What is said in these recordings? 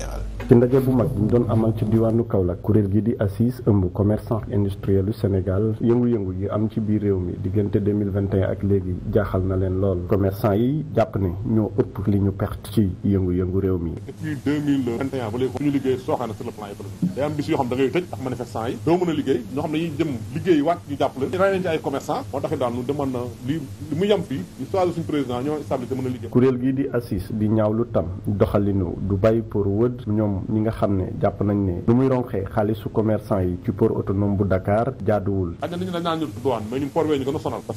libéral. ci ndaje bu mag bi ñu doon amal ci diwaanu Kaolack kuréel gi di assise ëmb commerçant industriel Sénégal yëngu-yëngu yi am ci biir réew mi diggante 2021 ak léegi jaaxal na leen lool commerçant yi jàpp ne ñoo ëpp li ñu perte ci yëngu-yëngu réew mi. depuis 2021 ba léegi ñu day am bis yoo xam da ngay tëj doo mën a liggéey ñoo xam ne dañuy jëm liggéey wàcc ñu jàpp leen ay commerçant moo tax daal ñu demoon li li mu yem fii ñu gi di assise di ñaawlu tam doxalinu Dubaï pour tëdd ñoom ñi nga xam ne jàpp nañ ne lu muy ronxee xaalisu commerçant yi ci port autonome bu Dakar jaaduwul ak nañu dañ naan ñu douane mais ñu gën a sonal na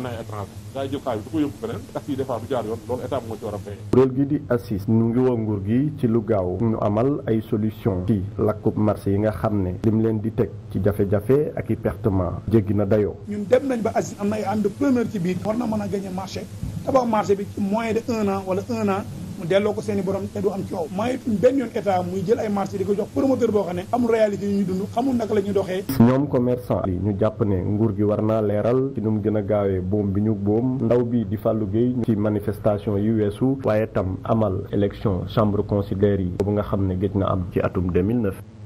ne ay étranger gaa jël xaalis du ko yóbbu beneen taxe yi des du jaar yoon loolu état moo ci war a fay woo nguur gi ci lu gaaw ñu amal ay solution ci lakkub marché yi nga xam ne lim leen di teg ci jafe-jafe ak i pertement jéggi na dayoo ñun dem nañ ba asin am na ay ànd première ci biir war na mën a gagné marché tabax marché bi ci moyen de un an wala mu delloo ko seeni i borom te du am coow maayituñ benn yoon état muy jël ay marché di ko jox promoteur boo xam ne amul réalité yu ñuy dund xamul naka la ñuy doxee ñoom commerçant yi ñu jàpp ne nguur gi war naa leeral ci nu mu gën a gaawee boom bi ñu boom ndaw bi di Fallou Gueye ci manifestation yi weesu waaye tam amal élection chambre consulaire yi boobu nga xam ne géej na am ci atum 2009